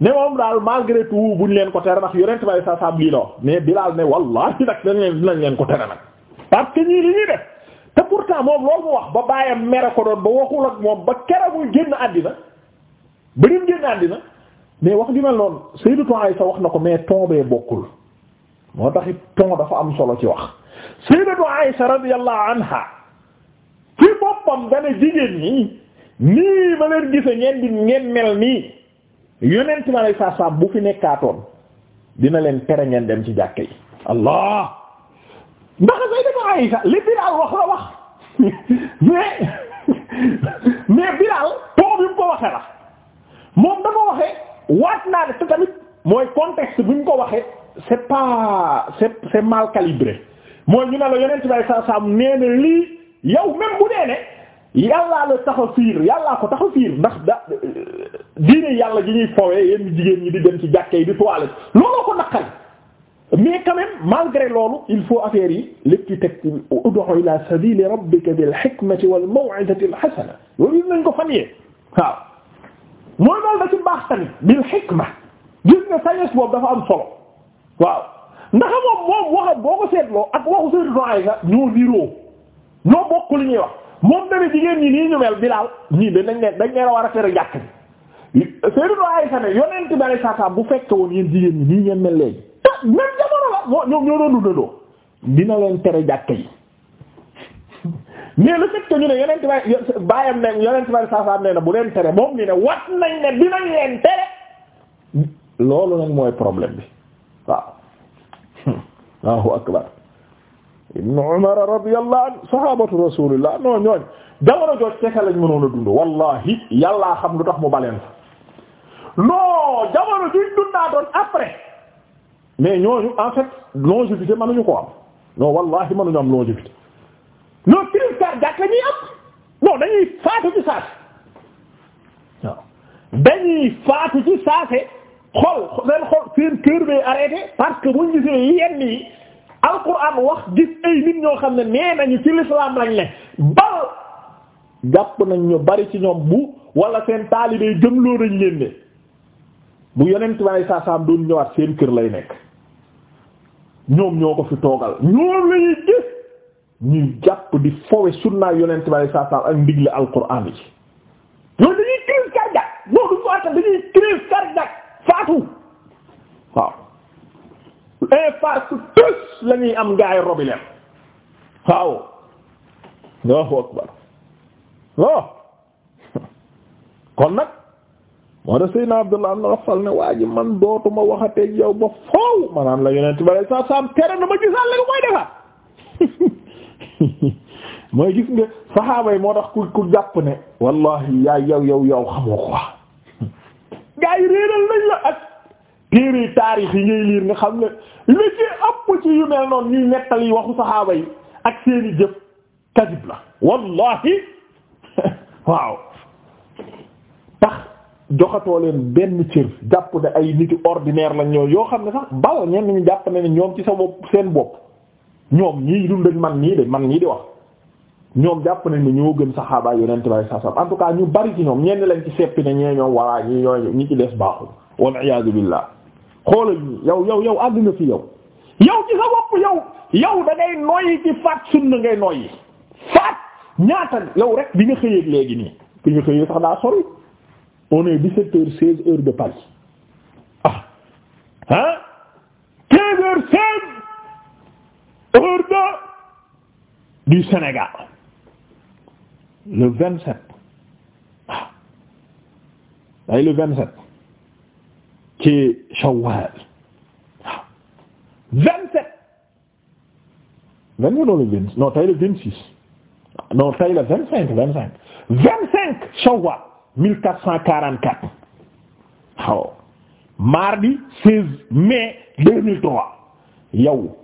S1: ne moom daal malgré tout buñ leen ko tere ndax yonent bay sa sa lii la wax mais Bilaal ne wallahi nag dañ leen ko tere nag parce ñii li ñuy def te pourtant moom loolu mu wax ba bàyyam mere ko doon ba waxul ak moom ba keroog muy génn àddina ba nim génn àddina mais wax ju mel noonu Sayyidatu Aisha wax na ko mais tombee bokkul moo taxit ton dafa am solo ci wax Sayyidatu Aisha radiyallahu anha ci boppam dana jigéen ñi nii ma leen gise ngeen di ngeen mel nii yonent ma lay saa saa bu fi nekkaatoon dina leen tere ngeen dem ci jàkke yi Allah ndax ay Aïsha li Bilaal wax la wax mais mais Bilaal toog bi mu ko waxee la moom dafa waxee waat naa ne te tamit mooy contexte bi mu ko waxee c'est pas c'est c'est mal calibré mooy ñu ne la Yonent bi saa saa mu nee na lii yow même bu dee yàllaa la tax a fiir yàllaa ko tax a fiir ndax da diine yàlla ji ñuy fowee yenn jigéen ñi di dem ci jàkkee yi di toilette looloo ko naqari. mais quand même malgré loolu il faut affaire yi lépp ci teg ud'u ila sabili rabbika bil hikmati wal maw'izati al nañ ko fan yee waaw mooy loolu da ci baax tamit bil hikma gis nga sagesse boobu dafa am solo waaw ndax moom moom waxat boo ko seetloo niroo ñoo bokk li ñuy wax moom dana jigéen ñi nii ñu mel Bilaal ñii dañ ne dañ ne a tere jàkk bi Sayyidatu Aisha ne yonent bi alayhi salaam bu fekke woon yéen jigéen ñi nii ngeen mel léegi même jamono la moo ñoom ñoo doon dundandoo dina leen tere jàkk yi mais le fait que ñu ne yonent bay bàyyam ne yonent bay saasaam ne na bu leen tere moom ni ne wat nañ ne dinañ leen tere loolu nag mooy problème bi waaw [laughs] Allahu akbar ibnu Umar radiyallahu anhu sahabatu rasulillah non ñooñ jamono jooj kese lañ mënoon dund wallahi yàllaa xam lu tax mu baleen fa non jamono dundaa doon après mais ñooñu en fait longévité mënuñu ko am non wallahi mënuñu am longévité non crise saa la ñuy am non dañuy faatu ci saase dañuy faatu ci saase xol seen xol seen cœur bay arrêté parce que buñ gisee yenn yi alquran wax gis nit ñoo xam ne nee nañu ci l'islam lañ ne bal jàpp nañ ñu bari ci ñoom bu wala seen taalibe gëmloo nañ leen ne bu yeneen bi saa saam doon ñëwaat seen kër lay nekk ñoom ñoo ko fi toogal ñoom la ñuy gis ñuy jàpp di fowe sunnaa yonent bi saa saam ak ndigle alquran yi ñoom dañuy crise cardiaque ñoo du faata dañuy crise cardiaque faatu waaw infarctus tous la ñuy am gaay waaw [laughs] kon nag moo tax Seydina Abdullah ibn Raffal ne waa ji man dootuma waxateeg yow ba foow maanaam la yonent bi sallallahu alayhi wasallam tere na ma gisaan la mooy defaat [laughs] mooy gis nga saxaaba yi moo tax ku ku jàpp ne wallahi yaay yow yow yow xamoo ko waa [laughs] yi réeral nañ la ak téere taarix yi ngay liir nga xam ne li ci ëpp ci yu mel noonu ñuy nettali yi waxu saxaaba yi ak seeni jëf kadib la wallahi [laughs] waaw tax joxatoo leen benn cër jàpp ne ay niti ordinaire lañ ñoo yoo xam ne sax bal ñenn ñu jàpp ne ñoom ci sa bopp seen bopp ñoom ñii dund ak man nii de man nii di wax ñoom jàpp nañ ne ñoo gën saxaabaay yonent bay sasam en tout cas ñu bari ci ñoom ñenn lañ ci seppi ne ñee ñoom walaa ñi ñooy ñi ci des baaxul wal iyaadu billah ñu ñi yow yow yow àgg nga fi yow yow ci sa bopp yow yow da noyyi ci faat sunna ngay noyyi faat ñaata yow rek bi nga xëyeeg léegi nii bi nga xëyee on est 17 heures 16 heures de Paris ah ah 15 heures 16 heures de du Sénégal le 27 ah ay le 27 ci Shawwal ah 27 vingt non le vingt non tey le 26 non tey le 25 25 25 Shawwal. mille quatre cent quarante quatre xaw mardi seize mai deux mille trois yow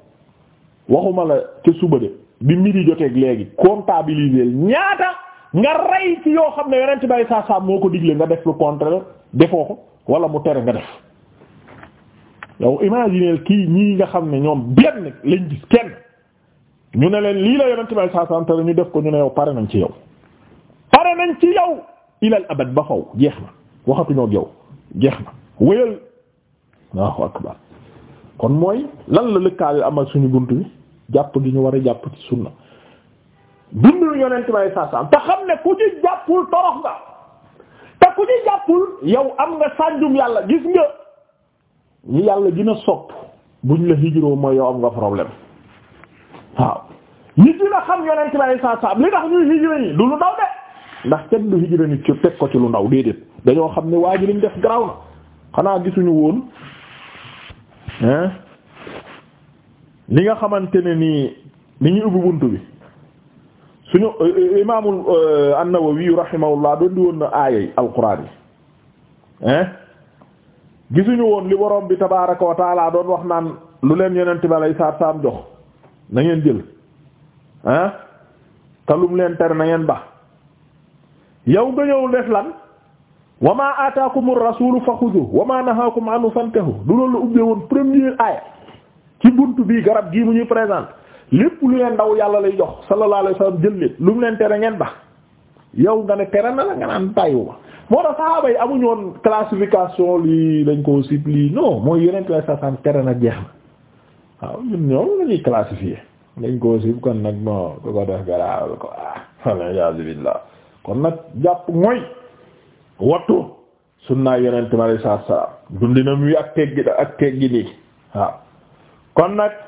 S1: waxuma la ca suba de bi midi joteeg léegi comptabiliser ñaata nga rey ci yoo xam ne yonent bay saa moo ko digle nga def lu contraire defoo ko wala mu tere nga def yow imaginer kii ñii nga xam ne ñoom benn lañ gis kenn ñu ne leen lii la yonent bay saa tere ñu def ko ñu ne yow pare nañ ci yow pare nañ ci yow ilal abad ba faw jeex na waxatuñoo ak yow jeex na wéyal Allahu akbar kon mooy lan la lëkkaale amal suñu bunt bi jàpp gi ñu war a jàpp ci na dundul yonent bay saasaam te xam ne ku ci jàppul torox nga te ku ci jàppul yow am nga sànjum yàlla gis nga ñu yàlla gën a sopp buñ la hijroo mooy yow am nga problème waaw ñi gën xam yonent bay saasaam li tax ñuy hijré yi du lu daw de ndax kenn du hijra ci teg ko ci lu ndaw déedéet dañoo xam ne waa ji liñ def garaaw na xanaa gisuñu woon hein li nga xamante ne nii ni ñu ubbi bunt bi suñu euh, euh, imaamul euh, an-Nawawi rahimahullah doon di woon na aaya yi alquran yi hein gisuñu woon li borom bi tabaaraka wa doon wax naan lu leen yeneen bi alay saat saam jox na ngeen jël hein te leen tere na ngeen ba yow nga ñëw def lan wa ma ataakumur rasulu ma nahaakum anhu fantahu du loolu woon premier ci buntu bii garab gii mu ñuy présente yàlla lay jox sallallahu alayhi wasallam jël lu mu leen ngeen bax yow nga ne tere na la nga naan bàyyiwuma moo tax saxaaba yi amuñu woon classification lii dañ koo sibli non mooy yeneen classification tere na jeex na waaw ñun ñoom lañuy classifier dañ koo sib kon nag moo ko ko def garab ko ah alhamdulillah kon nag jàpp mooy wattu sunna yonente mi alayhi salaatu wa salaam dundinam wi ak teggi ak teggi nii waaw kon nag